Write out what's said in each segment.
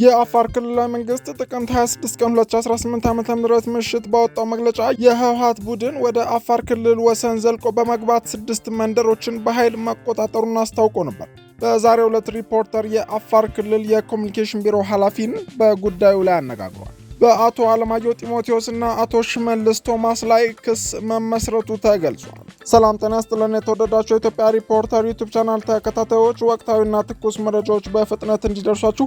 የአፋር ክልላዊ መንግስት ጥቅምት 26 ቀን 2018 ዓ ም ምሽት ባወጣው መግለጫ የህወሀት ቡድን ወደ አፋር ክልል ወሰን ዘልቆ በመግባት ስድስት መንደሮችን በኃይል መቆጣጠሩን አስታውቆ ነበር። በዛሬው ዕለት ሪፖርተር የአፋር ክልል የኮሚኒኬሽን ቢሮ ኃላፊን በጉዳዩ ላይ አነጋግሯል። በአቶ አለማየሁ ጢሞቴዎስ እና አቶ ሽመልስ ቶማስ ላይ ክስ መመስረቱ ተገልጿል። ሰላም ጤና ስጥልን። የተወደዳቸው የኢትዮጵያ ሪፖርተር ዩቱብ ቻናል ተከታታዮች ወቅታዊና ትኩስ መረጃዎች በፍጥነት እንዲደርሷችሁ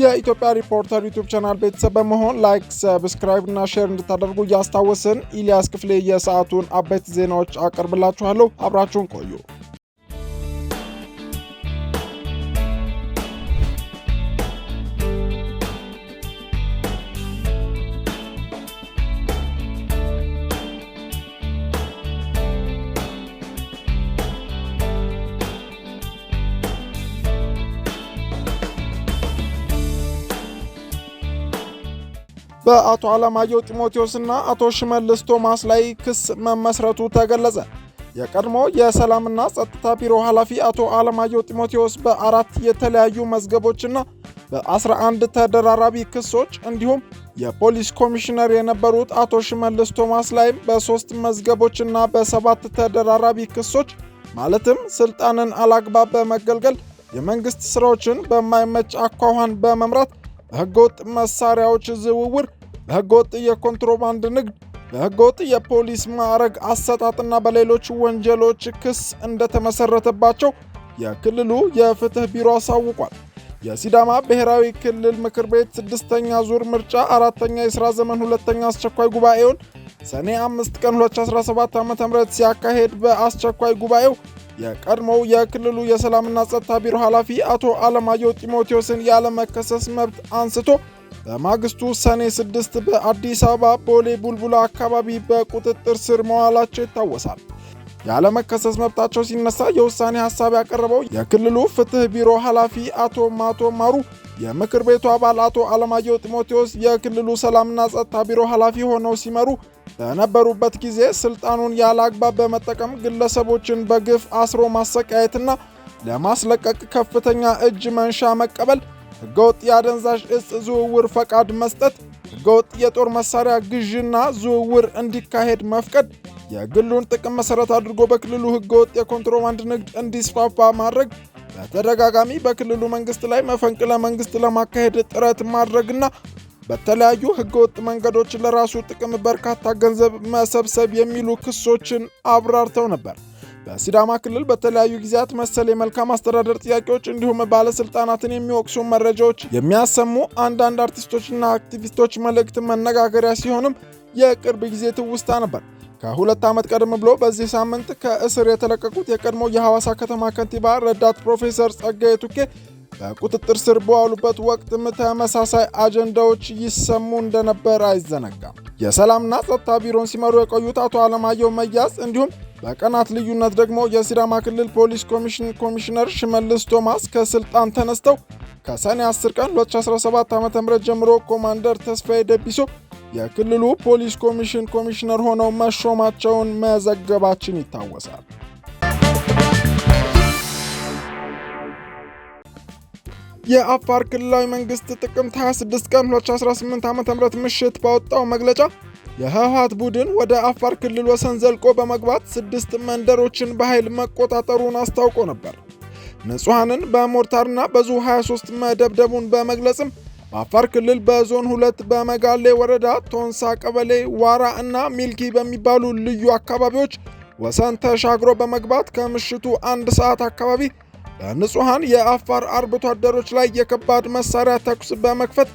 የኢትዮጵያ ሪፖርተር ዩቱብ ቻናል ቤተሰብ በመሆን ላይክ፣ ሰብስክራይብ እና ሼር እንድታደርጉ እያስታወስን ኢልያስ ክፍሌ የሰዓቱን አበይት ዜናዎች አቀርብላችኋለሁ። አብራችሁን ቆዩ። በአቶ አለማየሁ ጢሞቴዎስና አቶ ሽመልስ ቶማስ ላይ ክስ መመስረቱ ተገለጸ። የቀድሞ የሰላምና ጸጥታ ቢሮ ኃላፊ አቶ አለማየሁ ጢሞቴዎስ በአራት የተለያዩ መዝገቦችና በ11 ተደራራቢ ክሶች እንዲሁም የፖሊስ ኮሚሽነር የነበሩት አቶ ሽመልስ ቶማስ ላይም በሶስት መዝገቦችና በሰባት ተደራራቢ ክሶች ማለትም ስልጣንን አላግባብ በመገልገል የመንግሥት ሥራዎችን በማይመች አኳኋን በመምራት በህገወጥ መሳሪያዎች ዝውውር፣ በህገወጥ የኮንትሮባንድ ንግድ፣ በህገወጥ የፖሊስ ማዕረግ አሰጣጥና በሌሎች ወንጀሎች ክስ እንደተመሰረተባቸው የክልሉ የፍትህ ቢሮ አሳውቋል። የሲዳማ ብሔራዊ ክልል ምክር ቤት ስድስተኛ ዙር ምርጫ አራተኛ የሥራ ዘመን ሁለተኛ አስቸኳይ ጉባኤውን ሰኔ 5 ቀን 2017 ዓ ም ሲያካሄድ በአስቸኳይ ጉባኤው የቀድሞው የክልሉ የሰላምና ጸጥታ ቢሮ ኃላፊ አቶ አለማየሁ ጢሞቴዎስን ያለመከሰስ መብት አንስቶ በማግስቱ ሰኔ 6 በአዲስ አበባ ቦሌ ቡልቡላ አካባቢ በቁጥጥር ስር መዋላቸው ይታወሳል። ያለመከሰስ መብታቸው ሲነሳ የውሳኔ ሀሳብ ያቀረበው የክልሉ ፍትህ ቢሮ ኃላፊ አቶ ማቶ ማሩ የምክር ቤቱ አባል አቶ አለማየሁ ጢሞቴዎስ የክልሉ ሰላምና ጸጥታ ቢሮ ኃላፊ ሆነው ሲመሩ በነበሩበት ጊዜ ስልጣኑን ያለ አግባብ በመጠቀም ግለሰቦችን በግፍ አስሮ ማሰቃየትና ለማስለቀቅ ከፍተኛ እጅ መንሻ መቀበል፣ ህገወጥ የአደንዛዥ እጽ ዝውውር ፈቃድ መስጠት፣ ሕገወጥ የጦር መሳሪያ ግዥና ዝውውር እንዲካሄድ መፍቀድ፣ የግሉን ጥቅም መሠረት አድርጎ በክልሉ ህገወጥ የኮንትሮባንድ ንግድ እንዲስፋፋ ማድረግ በተደጋጋሚ በክልሉ መንግስት ላይ መፈንቅለ መንግስት ለማካሄድ ጥረት ማድረግና በተለያዩ ህገወጥ መንገዶች ለራሱ ጥቅም በርካታ ገንዘብ መሰብሰብ የሚሉ ክሶችን አብራርተው ነበር። በሲዳማ ክልል በተለያዩ ጊዜያት መሰል የመልካም አስተዳደር ጥያቄዎች እንዲሁም ባለስልጣናትን የሚወቅሱ መረጃዎች የሚያሰሙ አንዳንድ አርቲስቶችና አክቲቪስቶች መልእክት መነጋገሪያ ሲሆንም የቅርብ ጊዜ ትውስታ ነበር። ከሁለት ዓመት ቀደም ብሎ በዚህ ሳምንት ከእስር የተለቀቁት የቀድሞ የሐዋሳ ከተማ ከንቲባ ረዳት ፕሮፌሰር ጸጋዬ ቱኬ በቁጥጥር ስር በዋሉበት ወቅትም ተመሳሳይ አጀንዳዎች ይሰሙ እንደነበር አይዘነጋም። የሰላምና ጸጥታ ቢሮን ሲመሩ የቆዩት አቶ አለማየሁ መያዝ እንዲሁም በቀናት ልዩነት ደግሞ የሲዳማ ክልል ፖሊስ ኮሚሽን ኮሚሽነር ሽመልስ ቶማስ ከስልጣን ተነስተው ከሰኔ 10 ቀን 2017 ም ጀምሮ ኮማንደር ተስፋዬ ደቢሶ የክልሉ ፖሊስ ኮሚሽን ኮሚሽነር ሆነው መሾማቸውን መዘገባችን ይታወሳል። የአፋር ክልላዊ መንግስት ጥቅምት 26 ቀን 2018 ዓ ም ምሽት ባወጣው መግለጫ የህወሓት ቡድን ወደ አፋር ክልል ወሰን ዘልቆ በመግባት ስድስት መንደሮችን በኃይል መቆጣጠሩን አስታውቆ ነበር። ንጹሐንን በሞርታርና በዙ 23 መደብደቡን በመግለጽም በአፋር ክልል በዞን ሁለት በመጋሌ ወረዳ ቶንሳ ቀበሌ ዋራ እና ሚልኪ በሚባሉ ልዩ አካባቢዎች ወሰን ተሻግሮ በመግባት ከምሽቱ አንድ ሰዓት አካባቢ በንጹሐን የአፋር አርብቶ አደሮች ላይ የከባድ መሳሪያ ተኩስ በመክፈት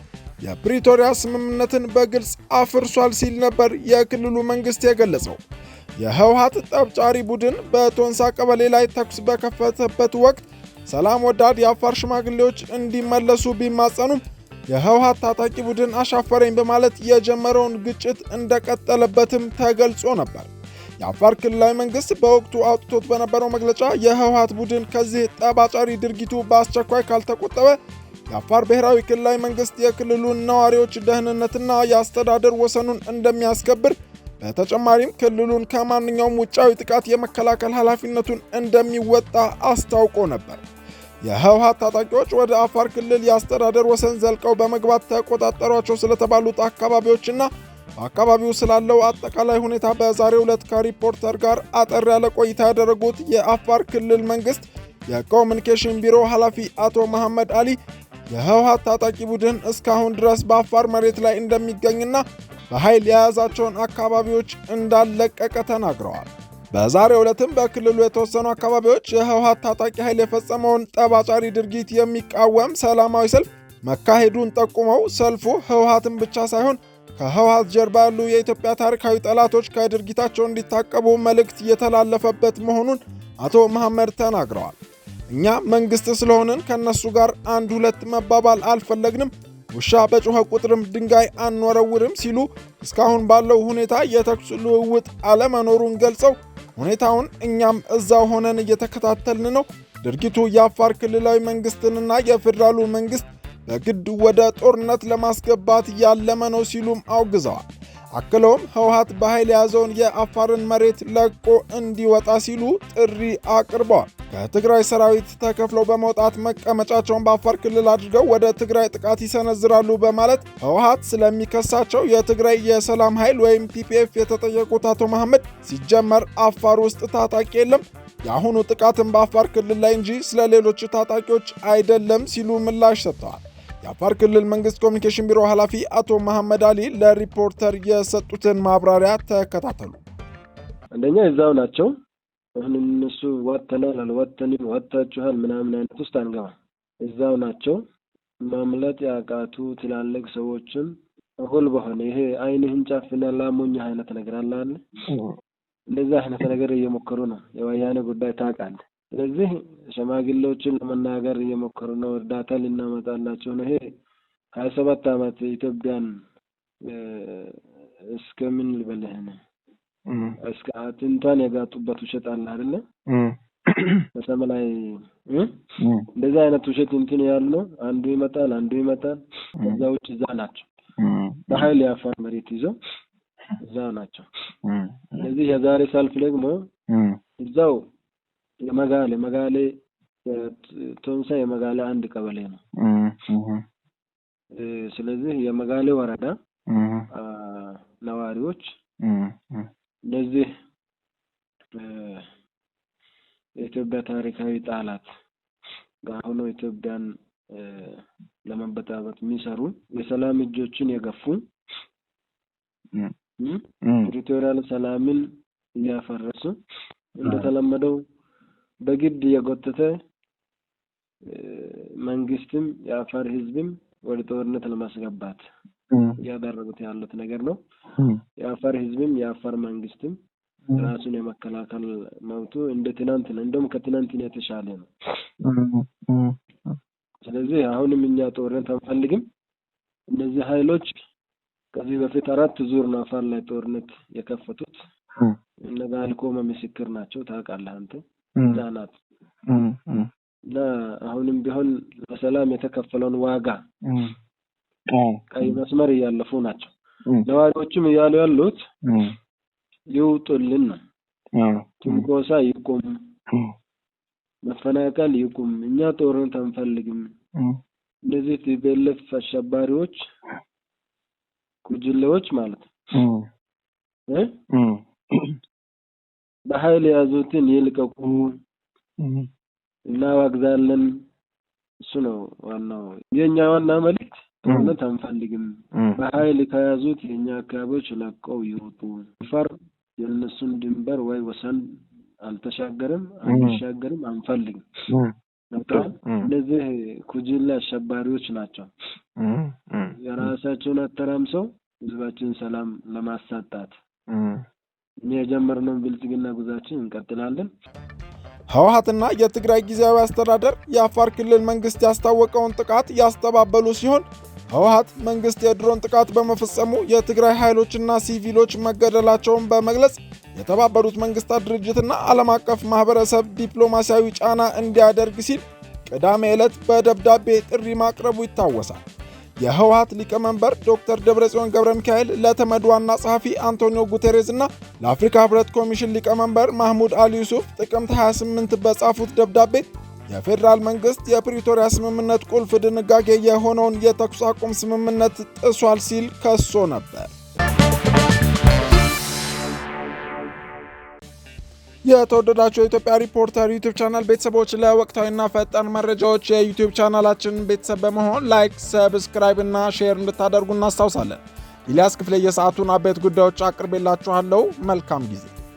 የፕሪቶሪያ ስምምነትን በግልጽ አፍርሷል ሲል ነበር የክልሉ መንግሥት የገለጸው። የህውሃት ጠብጫሪ ቡድን በቶንሳ ቀበሌ ላይ ተኩስ በከፈተበት ወቅት ሰላም ወዳድ የአፋር ሽማግሌዎች እንዲመለሱ ቢማጸኑም የህወሓት ታጣቂ ቡድን አሻፈረኝ በማለት የጀመረውን ግጭት እንደቀጠለበትም ተገልጾ ነበር። የአፋር ክልላዊ መንግስት በወቅቱ አውጥቶት በነበረው መግለጫ የህወሓት ቡድን ከዚህ ጠባጫሪ ድርጊቱ በአስቸኳይ ካልተቆጠበ የአፋር ብሔራዊ ክልላዊ መንግስት የክልሉን ነዋሪዎች ደህንነትና የአስተዳደር ወሰኑን እንደሚያስከብር በተጨማሪም ክልሉን ከማንኛውም ውጫዊ ጥቃት የመከላከል ኃላፊነቱን እንደሚወጣ አስታውቆ ነበር። የህወሓት ታጣቂዎች ወደ አፋር ክልል የአስተዳደር ወሰን ዘልቀው በመግባት ተቆጣጠሯቸው ስለተባሉት አካባቢዎችና በአካባቢው ስላለው አጠቃላይ ሁኔታ በዛሬው ዕለት ከሪፖርተር ጋር አጠር ያለ ቆይታ ያደረጉት የአፋር ክልል መንግስት የኮሚኒኬሽን ቢሮ ኃላፊ አቶ መሐመድ አሊ የህወሓት ታጣቂ ቡድን እስካሁን ድረስ በአፋር መሬት ላይ እንደሚገኝና በኃይል የያዛቸውን አካባቢዎች እንዳለቀቀ ተናግረዋል። በዛሬው ዕለትም በክልሉ የተወሰኑ አካባቢዎች የህወሓት ታጣቂ ኃይል የፈጸመውን ጠባጫሪ ድርጊት የሚቃወም ሰላማዊ ሰልፍ መካሄዱን ጠቁመው ሰልፉ ህወሓትን ብቻ ሳይሆን ከህወሓት ጀርባ ያሉ የኢትዮጵያ ታሪካዊ ጠላቶች ከድርጊታቸው እንዲታቀቡ መልእክት እየተላለፈበት መሆኑን አቶ መሐመድ ተናግረዋል። እኛ መንግሥት ስለሆንን ከእነሱ ጋር አንድ ሁለት መባባል አልፈለግንም፣ ውሻ በጮኸ ቁጥርም ድንጋይ አንወረውርም ሲሉ እስካሁን ባለው ሁኔታ የተኩስ ልውውጥ አለመኖሩን ገልጸው ሁኔታውን እኛም እዛው ሆነን እየተከታተልን ነው። ድርጊቱ የአፋር ክልላዊ መንግስትንና የፌዴራሉ መንግስት በግድ ወደ ጦርነት ለማስገባት ያለመ ነው ሲሉም አውግዘዋል። አክለውም ህወሓት በኃይል የያዘውን የአፋርን መሬት ለቆ እንዲወጣ ሲሉ ጥሪ አቅርበዋል። ከትግራይ ሰራዊት ተከፍለው በመውጣት መቀመጫቸውን በአፋር ክልል አድርገው ወደ ትግራይ ጥቃት ይሰነዝራሉ በማለት ህወሓት ስለሚከሳቸው የትግራይ የሰላም ኃይል ወይም ፒፒኤፍ የተጠየቁት አቶ መሐመድ ሲጀመር አፋር ውስጥ ታጣቂ የለም የአሁኑ ጥቃትን በአፋር ክልል ላይ እንጂ ስለ ሌሎች ታጣቂዎች አይደለም ሲሉ ምላሽ ሰጥተዋል። የአፋር ክልል መንግስት ኮሚኒኬሽን ቢሮ ኃላፊ አቶ መሐመድ አሊ ለሪፖርተር የሰጡትን ማብራሪያ ተከታተሉ። አንደኛ እዛው ናቸው። አሁን እነሱ ዋተናል አልዋተንም ዋታችኋል ምናምን አይነት ውስጥ አንገባ። እዛው ናቸው። ማምለጥ ያቃቱ ትላልቅ ሰዎችም እሁል በሆነ ይሄ አይንህን ጨፍና ላሞኝ አይነት ነገር አለ አለ እንደዚህ አይነት ነገር እየሞከሩ ነው። የወያኔ ጉዳይ ታውቃለህ ስለዚህ ሸማግሌዎችን ለመናገር እየሞከሩ ነው። እርዳታ ልናመጣላቸው ነው። ይሄ ሀያ ሰባት አመት ኢትዮጵያን እስከምን ልበልህ ነው እስከ አጥንቷን የጋጡበት ውሸት አለ አይደለ? በሰማ ላይ እንደዚህ አይነት ውሸት እንትን ያሉ ነው አንዱ ይመጣል፣ አንዱ ይመጣል። እዛ ውጭ እዛ ናቸው፣ በሀይል የአፋር መሬት ይዘው እዛ ናቸው። ስለዚህ የዛሬ ሰልፍ ደግሞ እዛው የመጋሌ መጋሌ ቶምሳ የመጋሌ አንድ ቀበሌ ነው። ስለዚህ የመጋሌ ወረዳ ነዋሪዎች እነዚህ የኢትዮጵያ ታሪካዊ ጣላት ጋር ሆነው ኢትዮጵያን ለመበጣበጥ የሚሰሩ የሰላም እጆችን የገፉ ፕሪቶሪያል ሰላምን እያፈረሱ እንደተለመደው በግድ እየጎተተ መንግስትም የአፋር ህዝብም ወደ ጦርነት ለማስገባት እያደረጉት ያሉት ነገር ነው። የአፋር ህዝብም የአፋር መንግስትም ራሱን የመከላከል መብቱ እንደ ትናንት ነው። እንደውም ከትናንት የተሻለ ነው። ስለዚህ አሁንም እኛ ጦርነት አንፈልግም። እነዚህ ሀይሎች ከዚህ በፊት አራት ዙር ነው አፋር ላይ ጦርነት የከፈቱት። እነ ጋልኮ ምስክር ናቸው። ታውቃለህ አንተ ህጻናት እና አሁንም ቢሆን በሰላም የተከፈለውን ዋጋ ቀይ መስመር እያለፉ ናቸው። ነዋሪዎችም እያሉ ያሉት ይውጡልን ነው። ትንኮሳ ይቁም፣ መፈናቀል ይቁም፣ እኛ ጦርነት አንፈልግም። እነዚህ ቲፒኤልኤፍ አሸባሪዎች ጉጅሌዎች ማለት ነው በኃይል የያዙትን ይልቀቁ፣ እናዋግዛለን። እሱ ነው ዋናው የእኛ ዋና መልክት ጦርነት አንፈልግም። በኃይል ከያዙት የእኛ አካባቢዎች ለቀው ይወጡ ፈር የእነሱን ድንበር ወይ ወሰን አልተሻገርም፣ አንሻገርም፣ አንፈልግም። እነዚህ ኩጅላ አሸባሪዎች ናቸው። የራሳቸውን አተራምሰው ህዝባችን ሰላም ለማሳጣት የጀመርነውን ብልጽግና ጉዛችን እንቀጥላለን። ህወሀትና የትግራይ ጊዜያዊ አስተዳደር የአፋር ክልል መንግስት ያስታወቀውን ጥቃት ያስተባበሉ ሲሆን ህወሀት መንግስት የድሮን ጥቃት በመፈጸሙ የትግራይ ኃይሎችና ሲቪሎች መገደላቸውን በመግለጽ የተባበሩት መንግስታት ድርጅትና ዓለም አቀፍ ማኅበረሰብ ዲፕሎማሲያዊ ጫና እንዲያደርግ ሲል ቅዳሜ ዕለት በደብዳቤ ጥሪ ማቅረቡ ይታወሳል። የህወሀት ሊቀመንበር ዶክተር ደብረጽዮን ገብረ ሚካኤል ለተመድ ዋና ጸሐፊ አንቶኒዮ ጉቴሬዝ እና ለአፍሪካ ህብረት ኮሚሽን ሊቀመንበር ማህሙድ አሊ ዩሱፍ ጥቅምት 28 በጻፉት ደብዳቤ የፌዴራል መንግስት የፕሪቶሪያ ስምምነት ቁልፍ ድንጋጌ የሆነውን የተኩስ አቁም ስምምነት ጥሷል ሲል ከሶ ነበር። የተወደዳቸው የኢትዮጵያ ሪፖርተር ዩቲብ ቻናል ቤተሰቦች ለወቅታዊና ፈጣን መረጃዎች የዩቲብ ቻናላችን ቤተሰብ በመሆን ላይክ፣ ሰብስክራይብ እና ሼር እንድታደርጉ እናስታውሳለን። ኢልያስ ክፍሌ የሰዓቱን አበይት ጉዳዮች አቅርቤላችኋለሁ። መልካም ጊዜ